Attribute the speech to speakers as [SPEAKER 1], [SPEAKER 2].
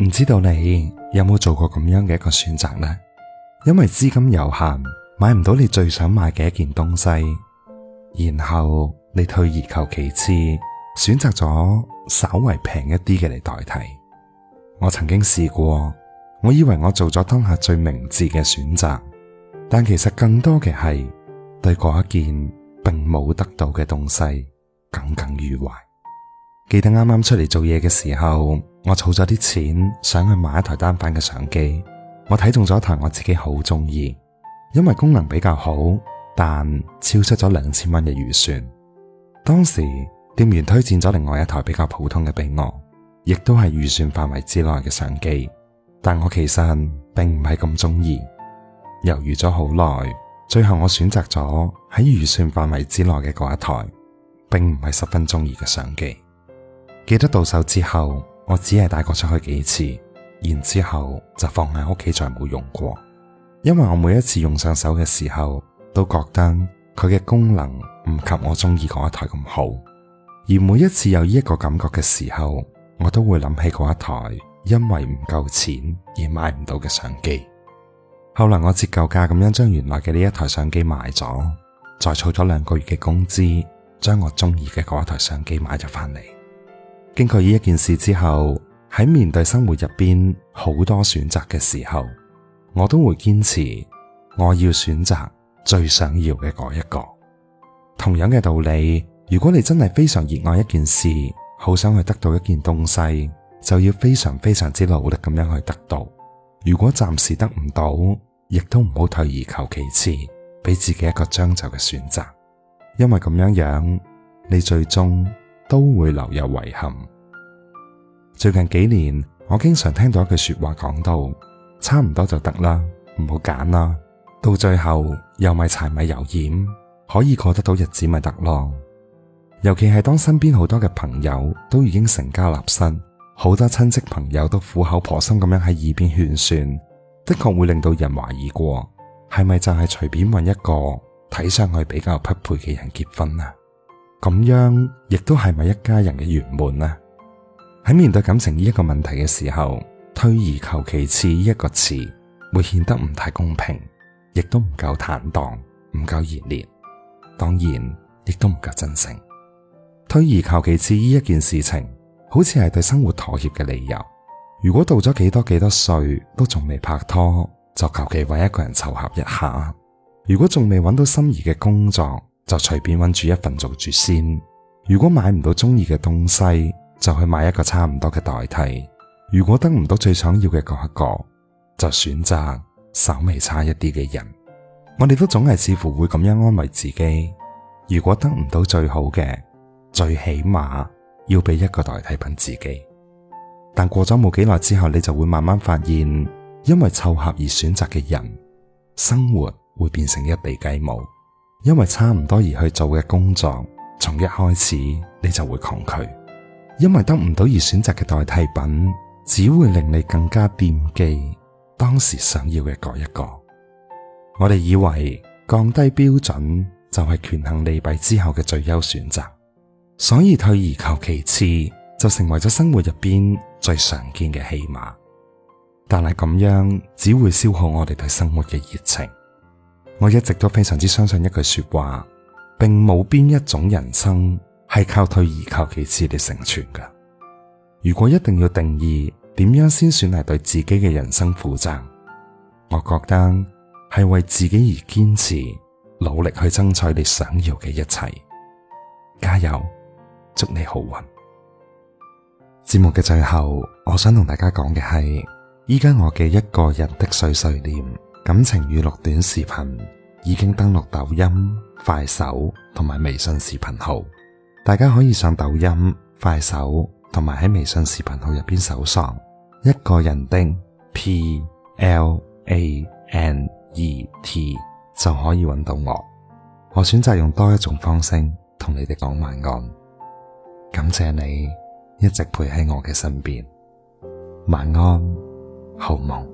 [SPEAKER 1] 唔知道你有冇做過咁樣嘅一個選擇呢？因為資金有限，買唔到你最想買嘅一件東西，然後你退而求其次，選擇咗稍微平一啲嘅嚟代替。我曾經試過，我以為我做咗當下最明智嘅選擇，但其實更多嘅係對嗰一件並冇得到嘅東西耿耿於懷。記得啱啱出嚟做嘢嘅時候。我儲咗啲錢，想去買一台單反嘅相機。我睇中咗一台我自己好中意，因為功能比較好，但超出咗兩千蚊嘅預算。當時店員推薦咗另外一台比較普通嘅俾我，亦都係預算範圍之內嘅相機。但我其實並唔係咁中意，猶豫咗好耐，最後我選擇咗喺預算範圍之內嘅嗰一台，並唔係十分中意嘅相機。記得到手之後。我只係帶過出去幾次，然之後就放喺屋企，再冇用過。因為我每一次用上手嘅時候，都覺得佢嘅功能唔及我中意嗰一台咁好。而每一次有呢一個感覺嘅時候，我都會諗起嗰一台，因為唔夠錢而買唔到嘅相機。後來我折舊價咁樣將原來嘅呢一台相機賣咗，再儲咗兩個月嘅工資，將我中意嘅嗰一台相機買咗翻嚟。經過呢一件事之後，喺面對生活入邊好多選擇嘅時候，我都會堅持我要選擇最想要嘅嗰一個。同樣嘅道理，如果你真係非常熱愛一件事，好想去得到一件東西，就要非常非常之努力咁樣去得到。如果暫時得唔到，亦都唔好退而求其次，俾自己一個將就嘅選擇，因為咁樣樣你最終都會留有遺憾。最近幾年，我經常聽到一句說話講到：差唔多就得啦，唔好揀啦。到最後又咪柴米油鹽，可以過得到日子咪得咯。尤其係當身邊好多嘅朋友都已經成家立身，好多親戚朋友都苦口婆心咁樣喺耳邊勸說，的確會令到人懷疑過，係咪就係隨便揾一個睇上去比較匹配嘅人結婚啊？咁樣亦都係咪一家人嘅圓滿呢？喺面對感情呢一個問題嘅時候，退而求其次呢一個詞，會顯得唔太公平，亦都唔夠坦蕩，唔夠熱烈，烈。當然，亦都唔夠真誠。退而求其次呢一件事情，好似係對生活妥協嘅理由。如果到咗幾多幾多歲都仲未拍拖，就求其揾一個人湊合一下；如果仲未揾到心儀嘅工作，就隨便揾住一份做住先，如果買唔到中意嘅東西，就去買一個差唔多嘅代替；如果得唔到最想要嘅嗰一個，就選擇稍微差一啲嘅人。我哋都總係似乎會咁樣安慰自己：如果得唔到最好嘅，最起碼要俾一個代替品自己。但過咗冇幾耐之後，你就會慢慢發現，因為湊合而選擇嘅人，生活會變成一地雞毛。因為差唔多而去做嘅工作，從一開始你就會抗拒。因為得唔到而選擇嘅代替品，只會令你更加惦記當時想要嘅嗰一個。我哋以為降低標準就係權衡利弊之後嘅最優選擇，所以退而求其次就成為咗生活入邊最常見嘅戲碼。但係咁樣只會消耗我哋對生活嘅熱情。我一直都非常之相信一句說話，並冇邊一種人生係靠退而求其次嚟成全嘅。如果一定要定義點樣先算係對自己嘅人生負責，我覺得係為自己而堅持，努力去爭取你想要嘅一切。加油，祝你好運！節目嘅最後，我想同大家講嘅係，依家我嘅一個人的碎碎念。感情娛樂短視頻已經登錄抖音、快手同埋微信視頻號，大家可以上抖音、快手同埋喺微信視頻號入邊搜索一個人的 P L A N E T 就可以揾到我。我選擇用多一種方式同你哋講晚安，感謝你一直陪喺我嘅身邊，晚安，好夢。